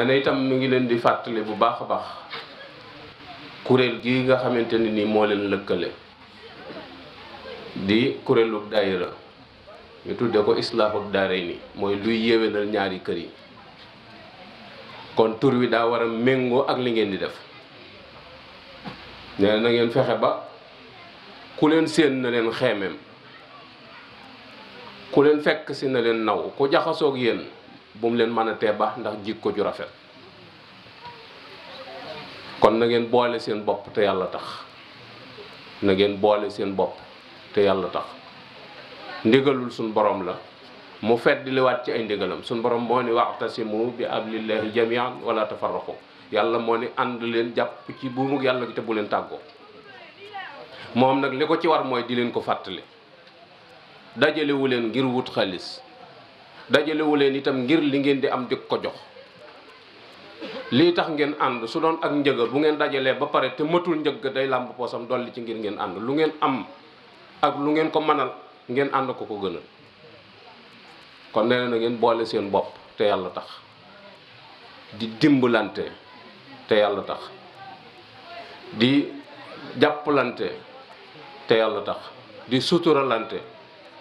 nee itam mi ngi leen di fàttali bu baax a baax kuréel gi nga xamante ne nii moo leen lëkkale di kuréelu daayira ñu tudde ko islaahu daarayni mooy luy yéwénal ñaari kër yi kon tur wi daa war a méngoo ak li ngeen di def nee na ngeen fexe ba ku leen séen na leen xeemeem ku leen fekk si na leen naw ku jaxasoog yéen bu mu leen mën a tee baax ndax jikko ju rafet kon na ngeen boole seen bopp te yàlla tax na ngeen boole seen bopp te yàlla tax ndigalul suñ borom la mu fedd liwaat ci ay ndigalam suñ borom moo ni wa'tasimu bi ab hablillahi jamian wala tafarraqu yàlla moo ni ànd leen jàpp ci buumu yàlla gi te bu leen tàggoo moom nag li ko ci war mooy di leen ko fàttali dajalewu leen ngir wut xaalis dajalewu leen itam ngir li ngeen di am di ko jox lii tax ngeen ànd su doon ak njëga bu ngeen dajalee ba pare te matul njëg day làmb poosam dolli ci ngir ngeen ànd lu ngeen am ak lu ngeen ko mënal ngeen ànd ko ko gënal kon nee na ngeen boole seen bopp te yàlla tax di dimbalante te yàlla tax di jàppalante te yàlla tax di suturalante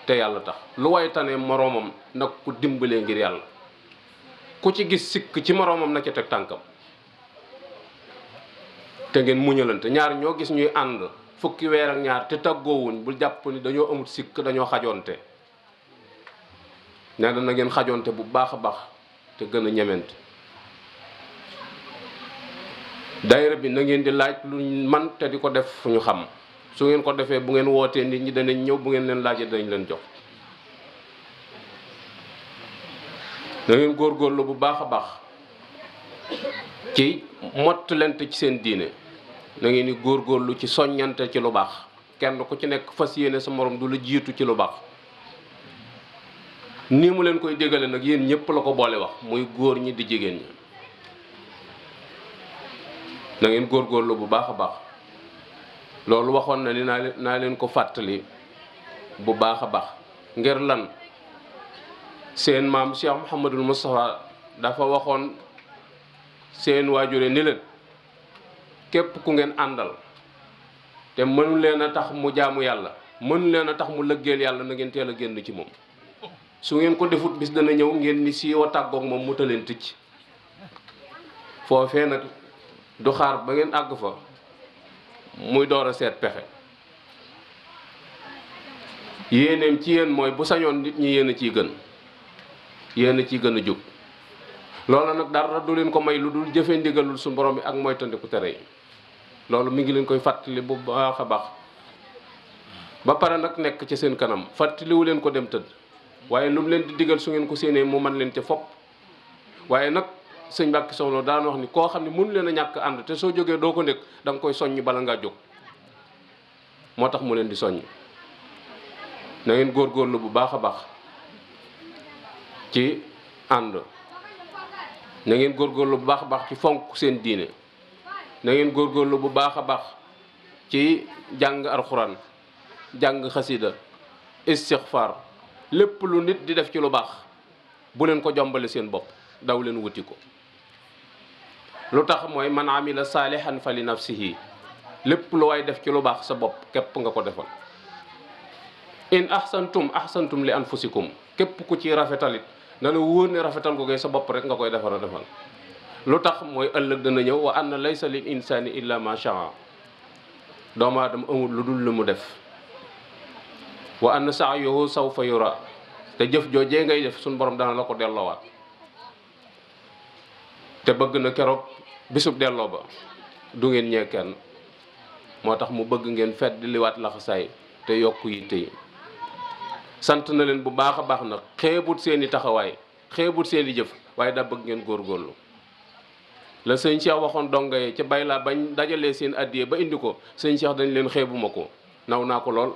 te yàlla tax lu waay moroomam nag ku dimbalee ngir yàlla ku ci gis sikk ci moroomam na ci teg tànkam te ngeen muñalante ñaar ñoo gis ñuy ànd fukki weer ak ñaar te tàggoowuñ bul jàpp ni dañoo amul sikk dañoo xajoonte nee na ngeen xajoonte bu baax a baax te gën a ñemente daayira bi na ngeen di laaj lu man te di ko def fu ñu xam su ngeen ko defee bu ngeen wootee nit ñi danañ ñëw bu ngeen leen laajee danañ leen jox da ngeen góorgóorlu bu baax a baax ci mottalante ci seen diine da góor di góorgóorlu ci soññante ci lu baax kenn ku ci nekk fas yéene sa moroom du la jiitu ci lu baax ni mu leen koy dégale nag yéen ñëpp la ko boole wax muy góor ñi di jigéen ñi da ngeen góorgóorlu bu baax a baax loolu waxoon na ni naa leen naa leen ko fàttali bu baax a baax ngir lan seen maam Cheikh Mouhamadul Moustapha dafa waxoon seen waajure ni leen képp ku ngeen àndal te mënu leen a tax mu jaamu yàlla mënu leen a tax mu lëggeel yàlla na ngeen teel a génn ci moom su ngeen ko defut bis dana ñëw ngeen ni siiwa tàggoog moom mu taleen tëcc foofee nag du xaar ba ngeen àgg fa muy door a seet pexe yéeneem ci yéen mooy bu sañoon nit ñi yéen a ciy gën yéen a ciy gën a jóg loolu nag dara du leen ko may lu dul jëfe ndigalul su borom bi ak moytandiku tere yi loolu mi ngi leen koy fàttali bu baax a baax ba pare nag nekk ci seen kanam fàttaliwu leen ko dem tëdd waaye lu mu leen di digal su ngeen ko séenee mu man leen ca fopp waaye nag sëñ Mbàkke Soxla daan wax ni koo xam ne mënu leen a ñàkk ànd te soo jógee doo ko nekk danga nga koy soññ bala ngaa jóg moo tax mu leen di soññ na ngeen góorgóorlu bu baax a baax ci ànd na ngeen góorgóorlu bu baax a baax ci fonk seen diine na ngeen góorlu bu baax a baax ci jàng alxuraan jàng xasida istixfaar lépp lu nit di def ci lu baax bu leen ko jombale seen bopp daw leen wuti ko lu tax mooy man amila saalihan fa li nafsihi lépp lu waay def ci lu baax sa bopp képp nga ko defal in ahsantum ahsantum li anfusikum képp ku ci rafetalit na la wóor ne rafetal ko koy sa bopp rek nga koy defara defal lu tax mooy ëllëg dana ñëw wa anna laysa lil insani illa ma doomu aadama amul lu dul lu mu def wa anna sa'yahu sawfa yura te jëf joojee ngay def suñu borom dana la ko delloowaat te bëgg na keroog bisub delloo ba du ngeen ñee kenn moo tax mu bëgg ngeen fet di liwaat laxasaay te yokk yitte yi sant na leen bu baax a baax nag xeebut seeni taxawaay xeebut seeni jëf waaye daa bëgg ngeen góor góorlu la sëñ Cheikh waxoon donga yi ca bay laa bañ dajalee seen addiye ba indi ko sëñ Cheikh dañ leen xeebuma ko naw naa ko lool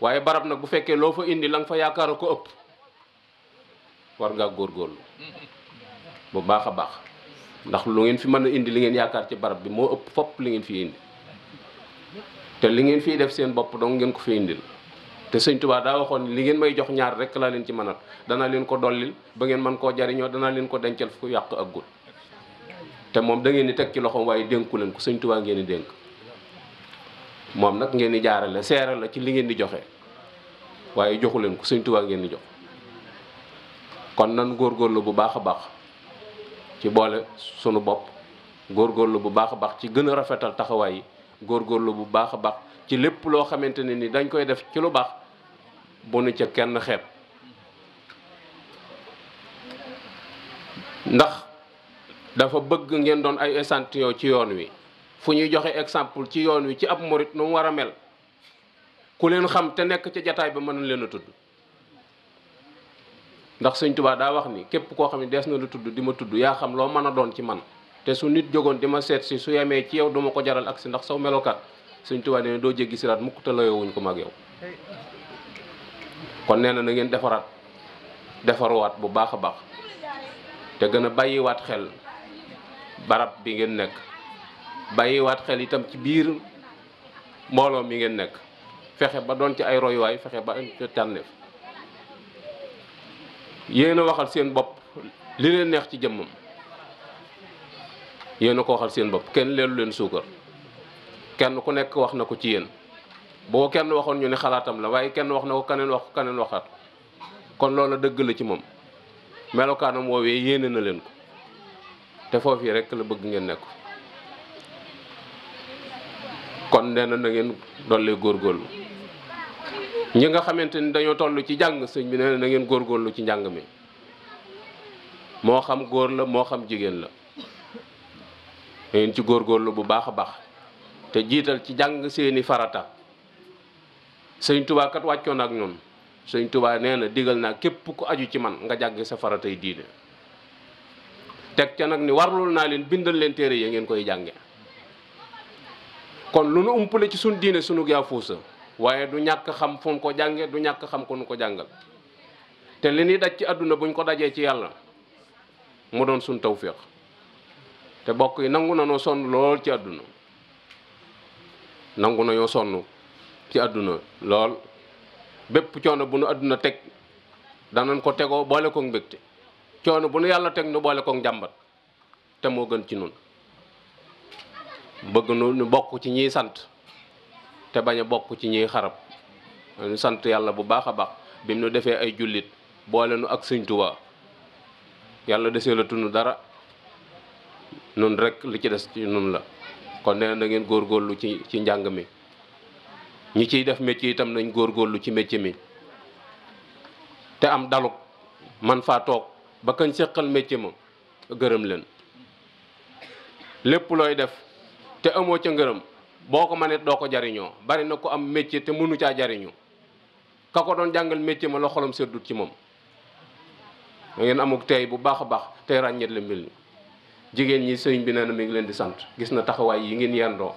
waaye barab nag bu fekkee loo fa indi la nga fa yaakaar a ko ëpp war góor góorgóorlu bu baax a baax ndax lu ngeen fi mën a indi li ngeen yaakaar ci barab bi moo ëpp fopp li ngeen fi indi te li ngeen fiy def seen bopp dong ngeen ko fi indil te sëñ daa waxoon li ngeen may jox ñaar rek laa leen ci mënal danaa leen ko dollil ba ngeen mën koo jariñoo danaa leen ko dencal fu yàq ak aggul te moom da ngeen di teg ci loxoom waaye dénku leen ko sëñ ngeen di dénk moom nag ngeen di jaarale seere la ci li ngeen di joxe waaye joxu leen ko sëñ ngeen di jox kon nan góorgóorlu bu baax a baax ci boole sunu bopp góor góorlu bu baax a baax ci gën a rafetal taxawaay yi góorlu bu baax a baax ci lépp loo xamante ne ni dañ koy def ci lu baax bu nu ca kenn xeet ndax dafa bëgg ngeen doon ay échantillon ci yoon wi fu ñuy joxe exemple ci yoon wi ci ab morit nu mu war a mel ku leen xam te nekk ca jataay bi mën leen a tudd ndax sëñ tubaa daa wax ni képp koo xam ne des na lu tudd di ma tudd yaa xam loo mën a doon ci man te su nit jógoon di ma seet si su yemee ci yow duma ko jaral ak si ndax saw melokat sëñ tubaa nee na doo jéggi siraat mukk te layoo wuñ ko mag yow kon nee na na ngeen defaraat defaruwaat bu baax a baax te gën a bàyyiwaat xel barab bi ngeen nekk bàyyiwaat xel itam ci biir mbooloo mi ngeen nekk fexe ba doon ci ay royuwaay fexe ba am ca yéen a waxal seen bopp li leen neex ci jëmmam yéen a ko waxal seen bopp kenn leelu leen suukar kenn ku nekk wax na ko ci yéen boo kenn waxoon ñu ne xalaatam la waaye kenn wax na ko kaneen wax kaneen waxaat kon loola dëgg la ci moom melokaanam woowee yéene na leen ko te yi rek la bëgg ngeen nekk kon nee na na ngeen góor góorlu ñi nga xamante ni dañoo toll ci jàng sëñ bi nee na ngeen góorgóorlu ci njàng mi moo xam góor la moo xam jigéen la ngeen ci góor góorlu bu baax a baax te jiital ci jàng seeni farata sëñ Tuubaa wàccoon ak noonu sëñ Tuubaa nee na digal naa képp ku aju ci man nga jàgg sa faratay diine teg ca nag ni warlul naa leen bindal leen téere yi ngeen koy jànge kon lu nu umpale ci suñ diine sunu yaa fuusa waaye du ñàkk xam fu ko jànge du ñàkk xam ko nu ko jàngal te li ñuy daj ci àdduna buñ ko dajee ci yàlla mu doon suñ tawféex te bokk yi nangu na noo sonn lool ci àdduna nangu na yoo sonn ci àdduna lool bépp coono bu nu àdduna teg danañ ko tegoo boole koog mbégte coono bu nu yàlla teg nu boole koog njàmbat te moo gën ci nun bëgg nu nu bokk ci ñiy sant te bañ a bokk ci ñuy xarab ñu sant yàlla bu baax a baax bi mu nu defee ay jullit boole nu ak sëñ Tuubaa yàlla desee la tunu dara nun rekk li ci des ci nun la kon nee na ngeen góorlu ci ci njàng mi ñi ciy def métier itam góor góorlu ci métier mi te am daluk man faa toog ba kañ seqal métier ma gërëm leen lépp looy def te amoo ca ngërëm boo ko mënee doo ko jariñoo bari na ko am métier te mënu caa jariñu ka ko doon jàngal métier ma la xolam seddut ci moom da ngeen amuk tey bu baax a baax te ràññet la mi jigéen ñi sëriñ bi nee na mi ngi leen di sant gis na taxawaay yi ngeen yendoo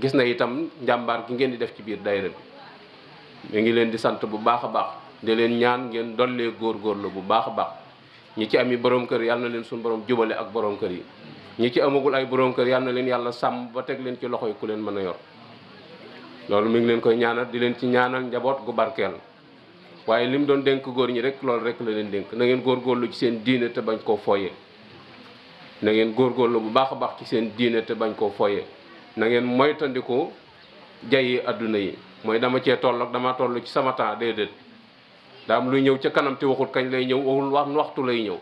gis na itam njàmbaar gi ngeen di def ci biir daayira bi mi ngi leen di sant bu baax a baax di leen ñaan ngeen dollee góorgóorlu bu baax a baax ñi ci ami borom kër yàlla na leen suñ borom jubale ak borom kër yi ñi ci amagul ay borom yal na leen yàlla sàmm ba teg leen ci loxo yi ku leen mën a yor loolu mu ngi leen koy ñaanal di leen ci ñaanal njaboot gu barkeel waaye li mu doon dénk góor ñi rek loolu rek la leen dénk na ngeen góorgóorlu ci seen diine te bañ koo foyee na ngeen góorlu bu baax a baax ci seen diine te bañ koo foyee na ngeen moytandiku jayi àdduna yi mooy dama cee toll ak dama toll ci sama temps déedéet daa am luy ñëw ca kanam te waxut kañ lay ñëw waxul waxtu lay ñëw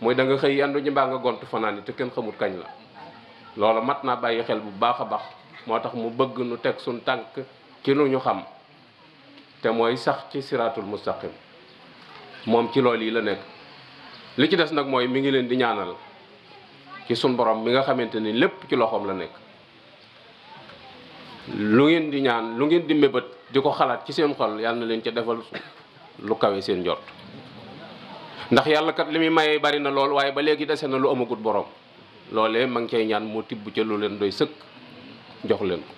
mooy danga xëy yandu ñi mbaa nga gont fanaan yi te kenn xamul kañ la loolu mat naa bàyyi xel bu baax a baax moo tax mu bëgg nu teg suñ tànk ci lu ñu xam te mooy sax ci siraatul mustaqim moom ci lool yi la nekk li ci des nag mooy mi ngi leen di ñaanal ci sun borom mi nga xamante ni lépp ci loxoom la nekk lu ngeen di ñaan lu ngeen di mébét di ko xalaat ci seen xol yàlla na leen ca defal lu kawe seen jot ndax yàlla kat li muy mayee bari na lool waaye ba léegi dese na lu amagut borom loolee ma ngi cay ñaan moo tibb ca lu leen doy sëkk jox leen ko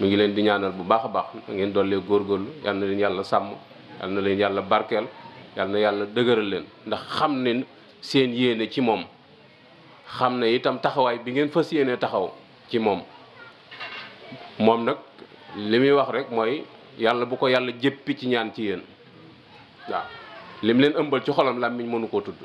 mu ngi leen di ñaanal bu baax a baax da ngeen dollee góorgóorlu yal na leen yàlla sàmm yal na leen yàlla barkeel yal na yàlla dëgëral leen ndax xam ne seen yéene ci moom xam na itam taxawaay bi ngeen fas yéene taxaw ci moom moom nag li muy wax rek mooy yàlla bu ko yàlla jëppi ci ñaan ci yéen waaw lim leen ëmbal ci xolam làmmiñ mënu koo tudd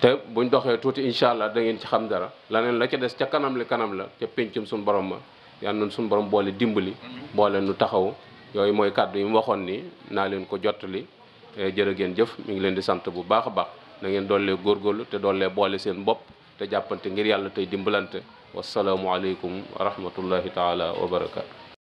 te buñ doxee tuuti incha allah da ngeen ci xam dara laneen la ca des ca kanam li kanam la ca péncum suñu borom ma yal na suñu borom boole dimbali boole nu taxaw yooyu mooy kàddu yi mu waxoon nii naa leen ko jottali jërë ngeen jëf mi ngi leen di sant bu baax a baax na ngeen doollee góorgóorlu te doollee boole seen bopp te jàppante ngir yàlla tey dimbalante wasalaamualeykum wa rahmatullahi taala wa barakaatu